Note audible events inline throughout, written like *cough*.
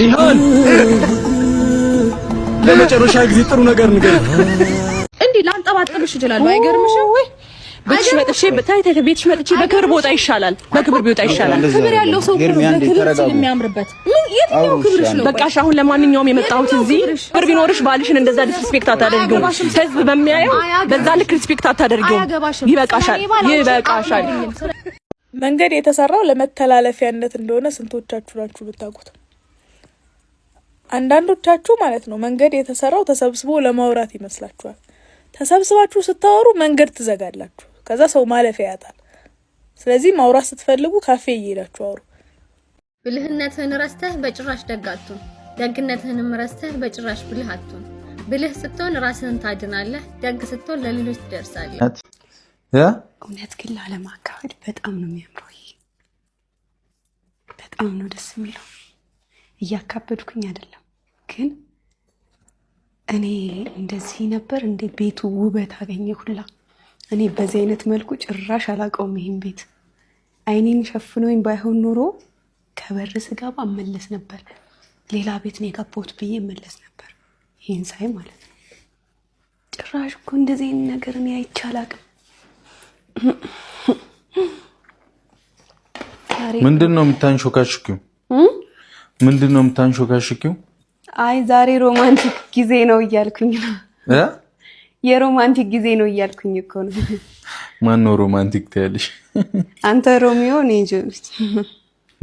ሊሆን ለመጨረሻ ጊዜ ጥሩ ነገር ንገር። እንዲህ ላንጠባጥብሽ እችላለሁ። አይገርምሽም ወይ? ቤትሽ መጥቼ ታይ ቤትሽ መጥቼ በክብር ቦታ ይሻላል፣ በክብር ቦታ ይሻላል። ክብር ያለው ሰው ክብር የሚያምርበት ምን የትኛው ክብርሽ ነው? በቃሽ። አሁን ለማንኛውም የመጣሁት እዚህ ክብር ቢኖርሽ ባልሽን እንደዛ ዲስሪስፔክት አታደርጊው። ህዝብ በሚያየው በዛ ልክ ሪስፔክት አታደርጊው። ይበቃሻል፣ ይበቃሻል። መንገድ የተሰራው ለመተላለፊያነት እንደሆነ ስንቶቻችሁ ናችሁ ብታውቁት? አንዳንዶቻችሁ ማለት ነው መንገድ የተሰራው ተሰብስቦ ለማውራት ይመስላችኋል። ተሰብስባችሁ ስታወሩ መንገድ ትዘጋላችሁ። ከዛ ሰው ማለፊያ ያጣል። ስለዚህ ማውራት ስትፈልጉ ካፌ እየሄዳችሁ አውሩ። ብልህነትህን ረስተህ በጭራሽ ደግ ደግነትህንም ረስተህ በጭራሽ ብልህ ብልህ ስትሆን ራስህን ታድናለህ፣ ደግ ስትሆን ለሌሎች ትደርሳለህ። እውነት ግን አካባቢ በጣም ነው የሚያምረው። በጣም ነው ደስ የሚለው እያካበድኩኝ አይደለም፣ ግን እኔ እንደዚህ ነበር እንዴ ቤቱ ውበት አገኘ ሁላ። እኔ በዚህ አይነት መልኩ ጭራሽ አላውቀውም ይህን ቤት። አይኔን ሸፍኖኝ ባይሆን ኖሮ ከበር ስገባ እመለስ ነበር፣ ሌላ ቤት ነው የገባሁት ብዬ እመለስ ነበር። ይህን ሳይ ማለት ነው ጭራሽ እኮ እንደዚህ አይነት ነገር እኔ አይቼ አላውቅም። ምንድን ነው የምታንሾካሹኪው? ምንድን ነው የምታንሾካሽኪው? አይ ዛሬ ሮማንቲክ ጊዜ ነው እያልኩኝ ነው። የሮማንቲክ ጊዜ ነው እያልኩኝ እኮ ነው። ማን ነው ሮማንቲክ ትያለሽ? አንተ ሮሚዮ፣ እኔ ጁሊት።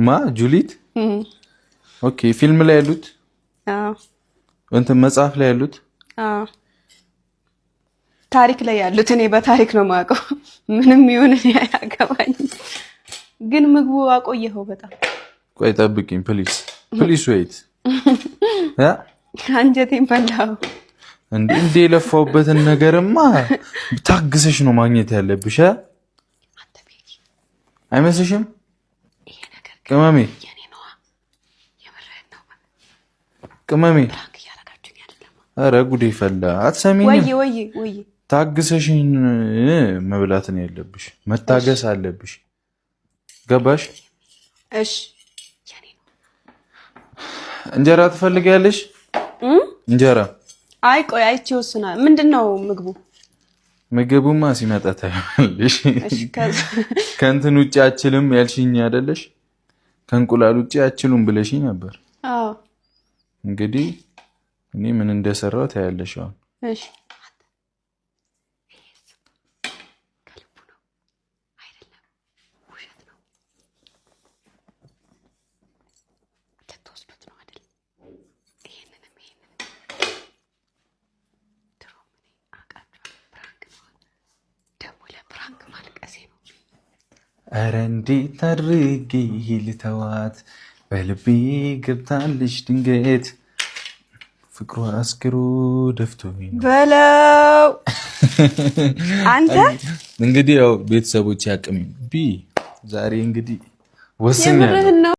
ማ ጁሊት? ኦኬ። ፊልም ላይ ያሉት እንትን መጽሐፍ ላይ ያሉት ታሪክ ላይ ያሉት እኔ በታሪክ ነው የማውቀው። ምንም ይሁን እኔ አያገባኝ። ግን ምግቡ አቆየኸው በጣም ቆይ፣ ጠብቂኝ ፕሊዝ። ፕሊስ ወይት *laughs* አንጀቴን በላው። እንዴ የለፋውበትን ነገርማ ታግሰሽ ነው ማግኘት ያለብሽ አይመስልሽም? ቅመሜ ቅመሜ፣ ኧረ ጉዴ ፈላ። አትሰሚኝም? ታግሰሽን መብላትን ያለብሽ መታገስ አለብሽ። ገባሽ? እሺ እንጀራ ትፈልጊያለሽ? እንጀራ አይ ቆይ አይቼ ወስናል። ምንድን ነው ምግቡ? ምግቡማ ሲመጣ ታያለሽ። *laughs* ከእንትን ውጭ አችልም ያልሽኝ አይደለሽ? ከእንቁላል ውጭ አችሉም ብለሽኝ ነበር። እንግዲህ እኔ ምን እንደሰራው ታያለሽ። አሁን እረ እንዴት አድርጌ ልተዋት በልቤ ገብታለች ድንገት ፍቅሩ አስክሮ ደፍቶ በለው *laughs* አንተ እንግዲህ ያው ቤተሰቦች ያቅም ቢ ዛሬ እንግዲህ ወስኛለሁ።